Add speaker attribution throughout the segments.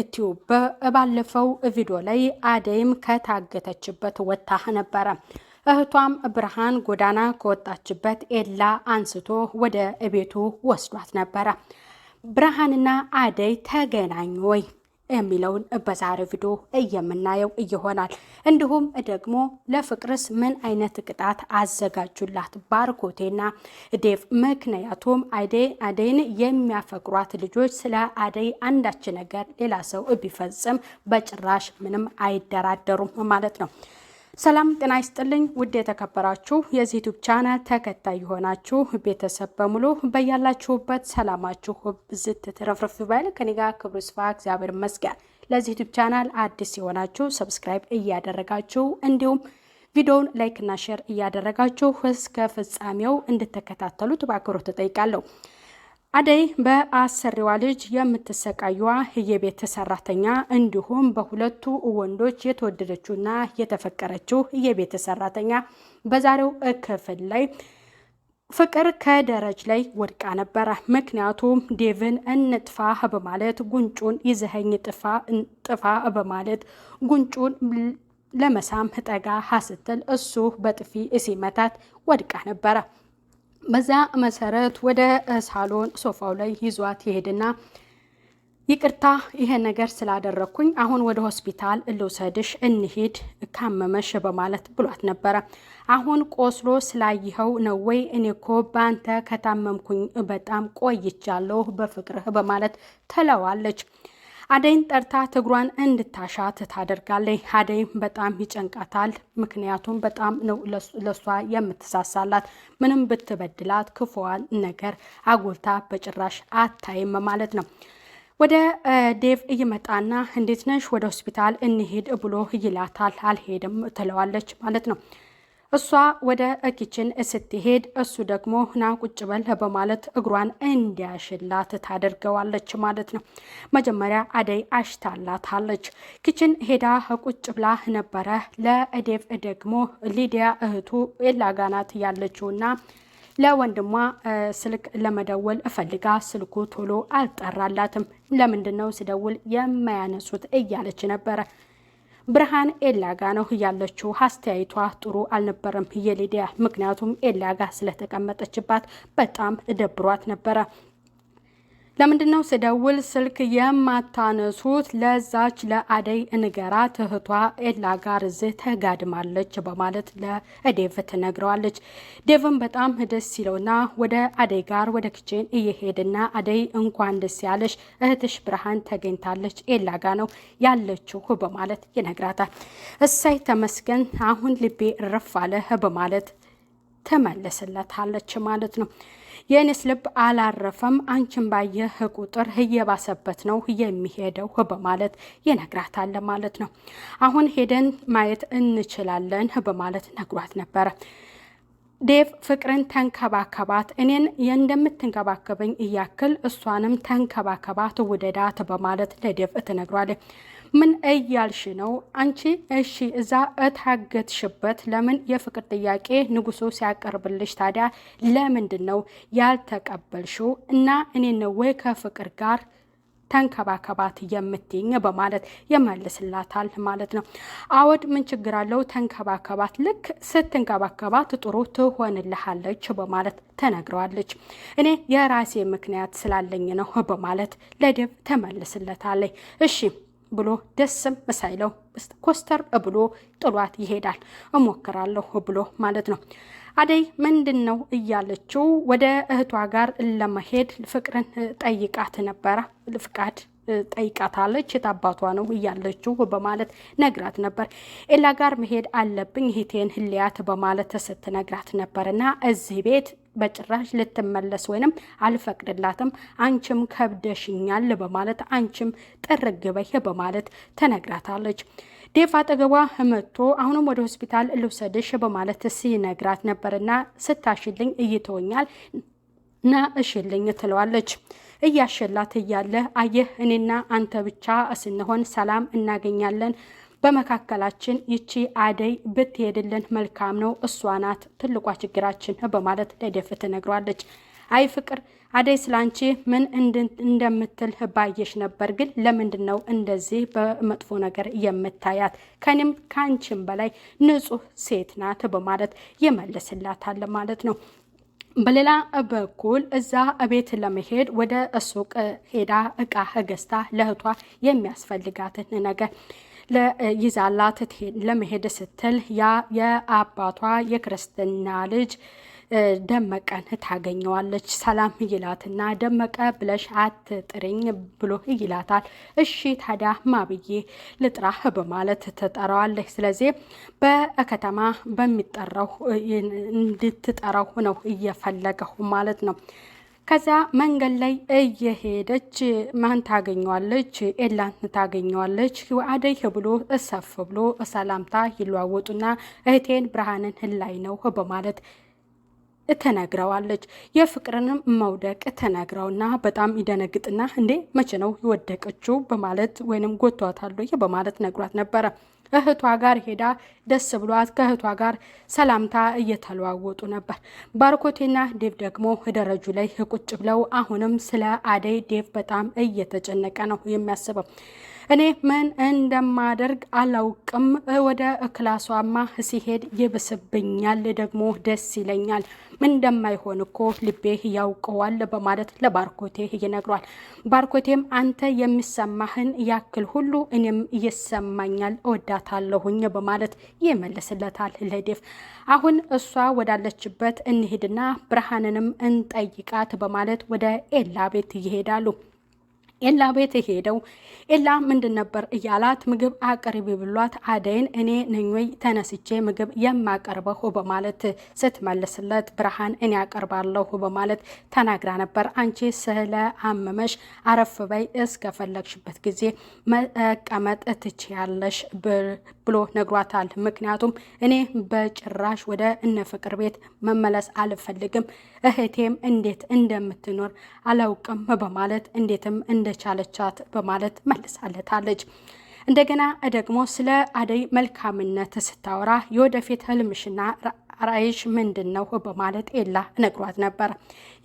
Speaker 1: እትዩ ባለፈው ቪዲዮ ላይ አደይም ከታገተችበት ወታ ነበረ። እህቷም ብርሃን ጎዳና ከወጣችበት ኤላ አንስቶ ወደ ቤቱ ወስዷት ነበረ። ብርሃንና አደይ ተገናኙ ወይ የሚለውን በዛሬው ቪዲዮ የምናየው ይሆናል። እንዲሁም ደግሞ ለፍቅርስ ምን አይነት ቅጣት አዘጋጁላት ባርኮቴና ዴቭ? ምክንያቱም አደይን የሚያፈቅሯት ልጆች ስለ አደይ አንዳች ነገር ሌላ ሰው ቢፈጽም በጭራሽ ምንም አይደራደሩም ማለት ነው። ሰላም ጤና ይስጥልኝ ውድ የተከበራችሁ የዚህ ዩቱብ ቻናል ተከታይ የሆናችሁ ቤተሰብ በሙሉ በያላችሁበት ሰላማችሁ ብዝት ትረፍርፍ ይበል። ከኔ ጋር ክብሩ ስፋ እግዚአብሔር ይመስገን። ለዚህ ዩቱብ ቻናል አዲስ የሆናችሁ ሰብስክራይብ እያደረጋችሁ እንዲሁም ቪዲዮውን ላይክ እና ሼር እያደረጋችሁ እስከ ፍጻሜው እንድትከታተሉት በአክብሮት እጠይቃለሁ። አደይ በአሰሪዋ ልጅ የምትሰቃዩዋ የቤት ሰራተኛ እንዲሁም በሁለቱ ወንዶች የተወደደችውና የተፈቀረችው የቤት ሰራተኛ በዛሬው ክፍል ላይ ፍቅር ከደረጅ ላይ ወድቃ ነበረ። ምክንያቱም ዴቭን እንጥፋ በማለት ጉንጩን ይዘኸኝ ጥፋ ጥፋ በማለት ጉንጩን ለመሳም ጠጋ ስትል እሱ በጥፊ ሲመታት ወድቃ ነበረ። በዛ መሰረት ወደ ሳሎን ሶፋው ላይ ይዟት ይሄድና ይቅርታ ይሄ ነገር ስላደረግኩኝ አሁን ወደ ሆስፒታል ልውሰድሽ እንሂድ ካመመሽ በማለት ብሏት ነበረ። አሁን ቆስሎ ስላየኸው ነው ወይ? እኔ እኮ በአንተ ከታመምኩኝ በጣም ቆይቻለሁ በፍቅርህ በማለት ትለዋለች። አደይን ጠርታ ትግሯን እንድታሻ ትታደርጋለች። አደይም በጣም ይጨንቃታል። ምክንያቱም በጣም ነው ለሷ የምትሳሳላት። ምንም ብትበድላት ክፉዋን ነገር አጉልታ በጭራሽ አታይም ማለት ነው። ወደ ዴቭ እይመጣና እንዴት ነሽ፣ ወደ ሆስፒታል እንሄድ ብሎ ይላታል። አልሄድም ትለዋለች ማለት ነው። እሷ ወደ ኪችን ስትሄድ እሱ ደግሞ ና ቁጭ በል በማለት እግሯን እንዲያሽላት ታደርገዋለች ማለት ነው። መጀመሪያ አደይ አሽታላታለች። ኪችን ሄዳ ቁጭ ብላ ነበረ። ለዴቭ ደግሞ ሊዲያ እህቱ ኤላጋናት ያለችውና ለወንድሟ ስልክ ለመደወል እፈልጋ ስልኩ ቶሎ አልጠራላትም። ለምንድን ነው ስደውል የማያነሱት እያለች ነበረ ብርሃን ኤላጋ ነው እያለችው አስተያየቷ ጥሩ አልነበረም የሊዲያ ምክንያቱም ኤላጋ ስለተቀመጠችባት በጣም ደብሯት ነበረ። ለምንድነው ስደውል ስልክ የማታነሱት? ለዛች ለአደይ እንገራ እህቷ ኤላ ጋር እዚህ ተጋድማለች በማለት ለዴቭ ትነግረዋለች። ዴቭም በጣም ደስ ይለውና ወደ አደይ ጋር ወደ ክቼን እየሄድና አደይ እንኳን ደስ ያለሽ እህትሽ ብርሃን ተገኝታለች፣ ኤላ ጋ ነው ያለችው በማለት ይነግራታል። እሳይ ተመስገን፣ አሁን ልቤ እረፍ አለ በማለት ትመልስለታለች ማለት ነው። የእኔስ ልብ አላረፈም፣ አንቺን ባየህ ቁጥር እየባሰበት ነው የሚሄደው በማለት ይነግራታል ማለት ነው። አሁን ሄደን ማየት እንችላለን በማለት ነግሯት ነበረ። ዴቭ ፍቅርን ተንከባከባት፣ እኔን እንደምትንከባከበኝ እያክል እሷንም ተንከባከባት፣ ውደዳት በማለት ለዴቭ ትነግሯለች። ምን እያልሽ ነው አንቺ? እሺ እዛ እታገትሽበት ለምን የፍቅር ጥያቄ ንጉሱ ሲያቀርብልሽ ታዲያ ለምንድን ነው ያልተቀበልሽው? እና እኔ ነው ወይ ከፍቅር ጋር ተንከባከባት የምትኝ በማለት ይመልስላታል ማለት ነው። አወድ ምን ችግር አለው ተንከባከባት፣ ልክ ስትንከባከባት ጥሩ ትሆንልሃለች በማለት ተነግረዋለች። እኔ የራሴ ምክንያት ስላለኝ ነው በማለት ለድብ ተመልስለታለች። እሺ ብሎ ደስም ሳይለው ኮስተር ብሎ ጥሏት ይሄዳል። እሞክራለሁ ብሎ ማለት ነው። አደይ ምንድን ነው እያለችው ወደ እህቷ ጋር ለመሄድ ፍቅርን ጠይቃት ነበረ። ፍቃድ ጠይቃታለች። የታባቷ ነው እያለችው በማለት ነግራት ነበር። ኤላ ጋር መሄድ አለብኝ እህቴን ህልያት በማለት ስትነግራት ነበር እና እዚህ ቤት በጭራሽ ልትመለስ ወይንም አልፈቅድላትም። አንቺም ከብደሽኛል በማለት አንቺም ጥርግበህ በማለት ተነግራታለች። ዴቭ አጠገቧ መጥቶ አሁንም ወደ ሆስፒታል ልውሰድሽ በማለት ሲነግራት ነበርና ስታሽልኝ እይተወኛል ና እሽልኝ ትለዋለች። እያሸላት እያለ አየህ እኔና አንተ ብቻ ስንሆን ሰላም እናገኛለን በመካከላችን ይቺ አደይ ብትሄድልን መልካም ነው፣ እሷ ናት ትልቋ ችግራችን በማለት ለደፍ ትነግሯለች። አይ ፍቅር አደይ ስላንቺ ምን እንደምትል ባየሽ ነበር፣ ግን ለምንድን ነው እንደዚህ በመጥፎ ነገር የምታያት? ከኔም ከአንቺም በላይ ንጹሕ ሴት ናት በማለት ይመልስላታል ማለት ነው። በሌላ በኩል እዛ ቤት ለመሄድ ወደ ሱቅ ሄዳ እቃ ገዝታ ለእህቷ የሚያስፈልጋትን ነገር ይዛላት ለመሄድ ስትል ያ የአባቷ የክርስትና ልጅ ደመቀን ታገኘዋለች። ሰላም ይላትና ደመቀ ብለሽ አትጥሪኝ ብሎ ይላታል። እሺ ታዲያ ማብዬ ልጥራህ በማለት ትጠራዋለች። ስለዚህ በከተማ በሚጠራው እንድትጠራው ነው እየፈለገው ማለት ነው። ከዛ መንገድ ላይ እየሄደች ማን ታገኘዋለች? ኤላን ታገኘዋለች። አደይ ብሎ እሰፍ ብሎ ሰላምታ ይለዋወጡና እህቴን ብርሃንን ህላይ ነው በማለት ትነግረዋለች። የፍቅርንም መውደቅ ትነግረውና በጣም ይደነግጥና እንዴ መቼ ነው የወደቀችው በማለት ወይንም ጎቷታለ በማለት ነግሯት ነበረ። እህቷ ጋር ሄዳ ደስ ብሏት ከእህቷ ጋር ሰላምታ እየተለዋወጡ ነበር። ባርኮቴና ዴቭ ደግሞ ደረጁ ላይ ቁጭ ብለው አሁንም ስለ አደይ ዴቭ በጣም እየተጨነቀ ነው የሚያስበው። እኔ ምን እንደማደርግ አላውቅም። ወደ ክላሷማ ሲሄድ ይብስብኛል፣ ደግሞ ደስ ይለኛል። እንደማይሆን እኮ ልቤ ያውቀዋል በማለት ለባርኮቴ ይነግሯል። ባርኮቴም አንተ የሚሰማህን ያክል ሁሉ እኔም ይሰማኛል፣ እወዳታለሁኝ በማለት ይመልስለታል። ለዴፍ አሁን እሷ ወዳለችበት እንሄድና ብርሃንንም እንጠይቃት በማለት ወደ ኤላ ቤት ይሄዳሉ። ኤላ ቤት ሄደው ኤላ ምንድን ነበር እያላት ምግብ አቅርቢ ብሏት አደይን እኔ ነኝ ወይ ተነስቼ ምግብ የማቀርበው በማለት ስትመልስለት ብርሃን እኔ አቀርባለሁ በማለት ተናግራ ነበር። አንቺ ስለ አመመሽ አረፍ በይ እስከፈለግሽበት ጊዜ መቀመጥ ትችያለሽ ብሎ ነግሯታል። ምክንያቱም እኔ በጭራሽ ወደ እነ ፍቅር ቤት መመለስ አልፈልግም፣ እህቴም እንዴት እንደምትኖር አላውቅም በማለት እንዴትም እንደ እንደቻለቻት በማለት መልሳለታለች። እንደገና ደግሞ ስለ አደይ መልካምነት ስታወራ የወደፊት ህልምሽና ራእይሽ ምንድን ነው በማለት ኤላ ነግሯት ነበር።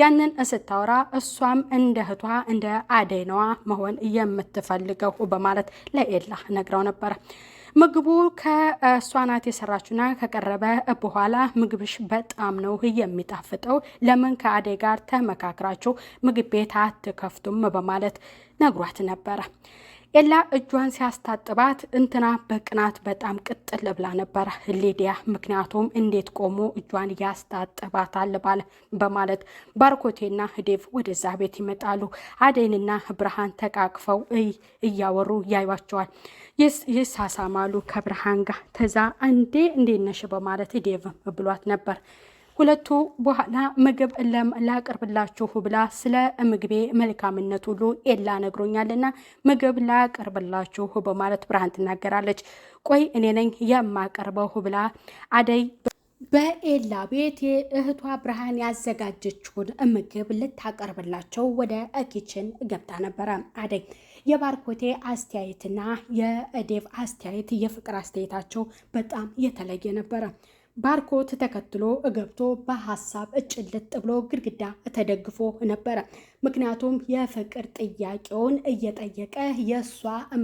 Speaker 1: ያንን ስታወራ እሷም እንደ እህቷ እንደ አደይ ነዋ መሆን የምትፈልገው በማለት ለኤላ ነግረው ነበር። ምግቡ ከእሷ ናት የሰራችሁና ከቀረበ በኋላ ምግብሽ በጣም ነው የሚጣፍጠው፣ ለምን ከአደይ ጋር ተመካክራችሁ ምግብ ቤት አትከፍቱም? በማለት ነግሯት ነበረ። ኤላ እጇን ሲያስታጥባት እንትና በቅናት በጣም ቅጥል ብላ ነበረ ሊዲያ። ምክንያቱም እንዴት ቆሞ እጇን ያስታጥባታል ባለ በማለት ባርኮቴና ዴቭ ወደዛ ቤት ይመጣሉ። አደይንና ብርሃን ተቃቅፈው እያወሩ ያዩቸዋል፣ ይሳሳማሉ ከብርሃን ጋር። ተዛ እንዴ እንዴነሽ በማለት ህዴቭ ብሏት ነበር። ሁለቱ በኋላ ምግብ ላቅርብላችሁ ብላ ስለ ምግቤ መልካምነት ሁሉ ኤላ ነግሮኛልና ምግብ ላቅርብላችሁ በማለት ብርሃን ትናገራለች። ቆይ እኔ ነኝ የማቀርበው ብላ አደይ በኤላ ቤት እህቷ ብርሃን ያዘጋጀችውን ምግብ ልታቀርብላቸው ወደ ኪችን ገብታ ነበረ። አደይ የባርኮቴ አስተያየትና የዴቭ አስተያየት የፍቅር አስተያየታቸው በጣም የተለየ ነበረ። ባርኮት ተከትሎ ገብቶ በሀሳብ እጭልጥ ብሎ ግድግዳ ተደግፎ ነበረ። ምክንያቱም የፍቅር ጥያቄውን እየጠየቀ የእሷ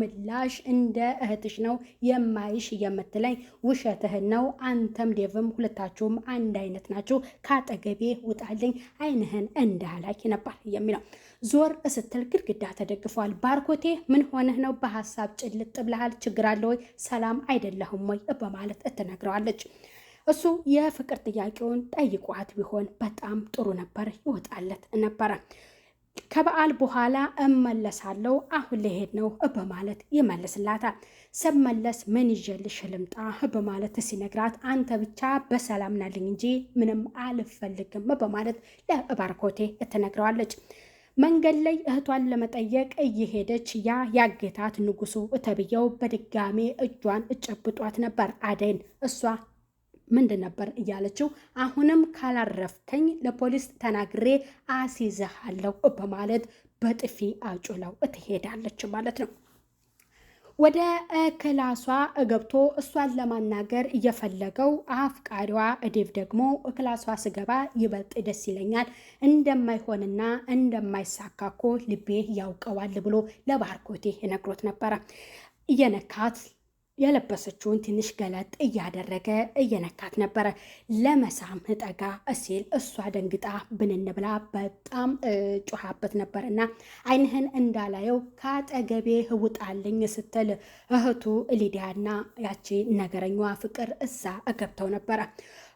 Speaker 1: ምላሽ እንደ እህትሽ ነው የማይሽ የምትለኝ ውሸትህን ነው። አንተም ዴቭም ሁለታችሁም አንድ አይነት ናችሁ፣ ካጠገቤ ውጣልኝ፣ አይንህን እንደ ነበር የሚለው። ዞር ስትል ግድግዳ ተደግፏል። ባርኮቴ ምን ሆነህ ነው? በሀሳብ ጭልጥ ብለሃል። ችግር አለ ወይ? ሰላም አይደለሁም ወይ? በማለት ትነግረዋለች። እሱ የፍቅር ጥያቄውን ጠይቋት ቢሆን በጣም ጥሩ ነበር፣ ይወጣለት ነበረ። ከበዓል በኋላ እመለሳለሁ አሁን ልሄድ ነው በማለት ይመልስላታል። ስመለስ ምን ይዤልሽ ልምጣ በማለት ሲነግራት አንተ ብቻ በሰላም ናልኝ እንጂ ምንም አልፈልግም በማለት ለባርኮቴ ትነግረዋለች። መንገድ ላይ እህቷን ለመጠየቅ እየሄደች ያ ያጌታት ንጉሱ ተብዬው በድጋሜ እጇን እጨብጧት ነበር አደይን እሷ ምንድን ነበር እያለችው አሁንም ካላረፍከኝ ለፖሊስ ተናግሬ አስይዘሃለሁ በማለት በጥፊ አጩለው ትሄዳለች ማለት ነው። ወደ ክላሷ ገብቶ እሷን ለማናገር እየፈለገው አፍቃሪዋ እዴቭ ደግሞ ክላሷ ስገባ ይበልጥ ደስ ይለኛል እንደማይሆንና እንደማይሳካኮ ልቤ ያውቀዋል ብሎ ለባርኮቴ ነግሮት ነበረ እየነካት የለበሰችውን ትንሽ ገለጥ እያደረገ እየነካት ነበረ። ለመሳም ጠጋ ሲል እሷ ደንግጣ ብንን ብላ በጣም ጩሃበት ነበር እና አይንህን እንዳላየው ከአጠገቤ ህውጣልኝ ስትል እህቱ ሊዲያና ያቺ ነገረኛዋ ፍቅር እዛ ገብተው ነበረ።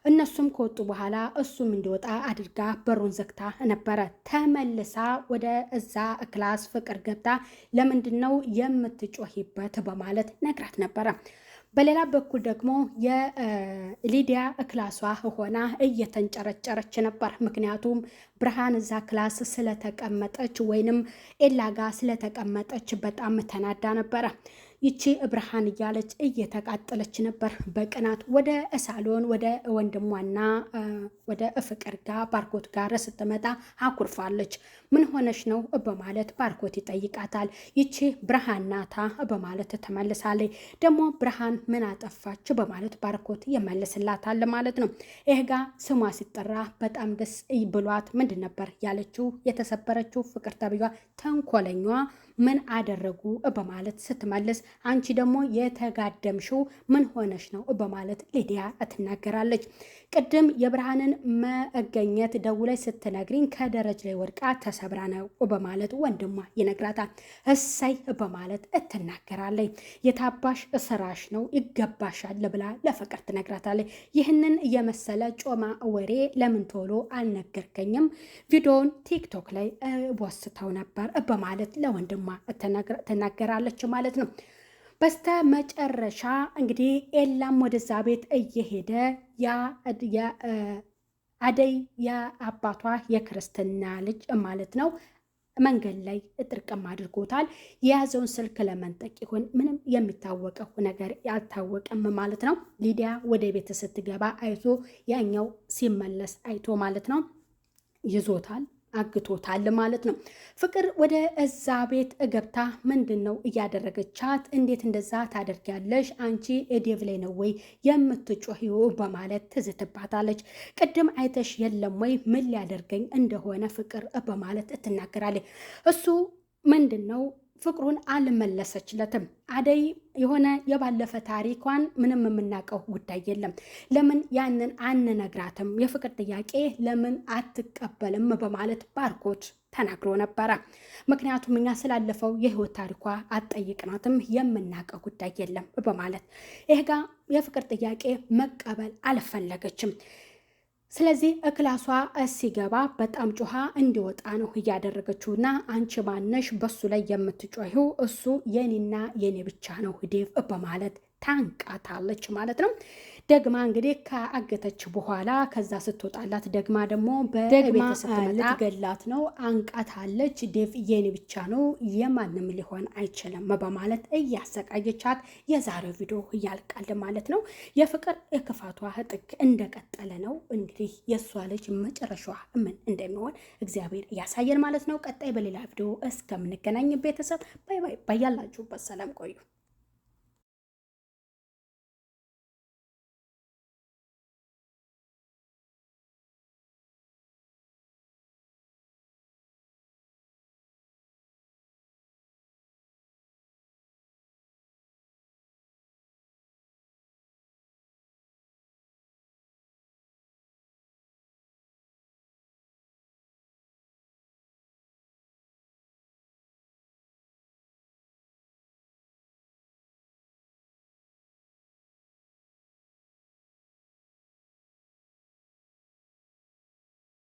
Speaker 1: እነሱም ከወጡ በኋላ እሱም እንዲወጣ አድርጋ በሩን ዘግታ ነበረ። ተመልሳ ወደ እዛ ክላስ ፍቅር ገብታ ለምንድን ነው የምትጮሂበት በማለት ነግራት ነበረ። በሌላ በኩል ደግሞ የሊዲያ ክላሷ ሆና እየተንጨረጨረች ነበር። ምክንያቱም ብርሃን እዛ ክላስ ስለተቀመጠች ወይንም ኤላጋ ስለተቀመጠች በጣም ተናዳ ነበረ። ይቺ ብርሃን እያለች እየተቃጠለች ነበር በቅናት ወደ ሳሎን ወደ ወንድሟና ወደ ፍቅር ጋር ባርኮት ጋር ስትመጣ አኩርፋለች። ምን ሆነች ነው በማለት ባርኮት ይጠይቃታል። ይቺ ብርሃን ናታ በማለት ተመልሳለች። ደግሞ ብርሃን ምን አጠፋች በማለት ባርኮት ይመልስላታል ማለት ነው። ይህ ጋ ስሟ ሲጠራ በጣም ደስ ብሏት ምንድን ነበር ያለችው የተሰበረችው ፍቅር ተብያ ተንኮለኛዋ ምን አደረጉ በማለት ስትመልስ፣ አንቺ ደግሞ የተጋደምሽው ምን ሆነሽ ነው በማለት ሊዲያ ትናገራለች። ቅድም የብርሃንን መገኘት ደውለሽ ስትነግሪኝ ከደረጅ ላይ ወድቃ ተሰብራ ነው በማለት ወንድሟ ይነግራታል። እሰይ በማለት እትናገራለች። የታባሽ ስራሽ ነው ይገባሻል ብላ ለፍቅር ትነግራታለች። ይህንን የመሰለ ጮማ ወሬ ለምን ቶሎ አልነገርከኝም? ቪዲዮውን ቲክቶክ ላይ ወስተው ነበር በማለት ለወንድሟ ትናገራለች ማለት ነው። በስተ መጨረሻ እንግዲህ ኤላም ወደዛ ቤት እየሄደ አደይ የአባቷ የክርስትና ልጅ ማለት ነው መንገድ ላይ እጥርቅም አድርጎታል። የያዘውን ስልክ ለመንጠቅ ይሆን ምንም የሚታወቀው ነገር ያልታወቀም ማለት ነው። ሊዲያ ወደ ቤት ስትገባ አይቶ ያኛው ሲመለስ አይቶ ማለት ነው ይዞታል አግቶታል ማለት ነው። ፍቅር ወደ እዛ ቤት ገብታ ምንድን ነው እያደረገቻት? እንዴት እንደዛ ታደርጊያለሽ? አንቺ ዴቭ ላይ ነው ወይ የምትጮሂው? በማለት ትዝትባታለች። ቅድም አይተሽ የለም ወይ ምን ሊያደርገኝ እንደሆነ ፍቅር በማለት ትናገራለች። እሱ ምንድን ነው ፍቅሩን አልመለሰችለትም። አደይ የሆነ የባለፈ ታሪኳን ምንም የምናውቀው ጉዳይ የለም። ለምን ያንን አንነግራትም? የፍቅር ጥያቄ ለምን አትቀበልም? በማለት ባርኮት ተናግሮ ነበረ። ምክንያቱም እኛ ስላለፈው የህይወት ታሪኳ አጠይቅናትም የምናውቀው ጉዳይ የለም በማለት ይህ ጋ የፍቅር ጥያቄ መቀበል አልፈለገችም። ስለዚህ እክላሷ ሲገባ በጣም ጮሃ እንዲወጣ ነው እያደረገችው እና አንቺ ማነሽ በሱ ላይ የምትጮሂው? እሱ የኔና የኔ ብቻ ነው ዴቭ በማለት ታንቃታለች ማለት ነው። ደግማ እንግዲህ ከአገተች በኋላ ከዛ ስትወጣላት ደግማ ደግሞ በቤት ገላት ነው አንቃታለች። ዴቭ የኔ ብቻ ነው የማንም ሊሆን አይችልም በማለት እያሰቃየቻት የዛሬው ቪዲዮ እያልቃል ማለት ነው። የፍቅር የክፋቷ ጥግ እንደቀጠለ ነው። እንግዲህ የእሷ ልጅ መጨረሻዋ ምን እንደሚሆን እግዚአብሔር ያሳየን ማለት ነው። ቀጣይ በሌላ ቪዲዮ እስከምንገናኝ ቤተሰብ ባይ ባይ ባይ፣ ሰላም ቆዩ።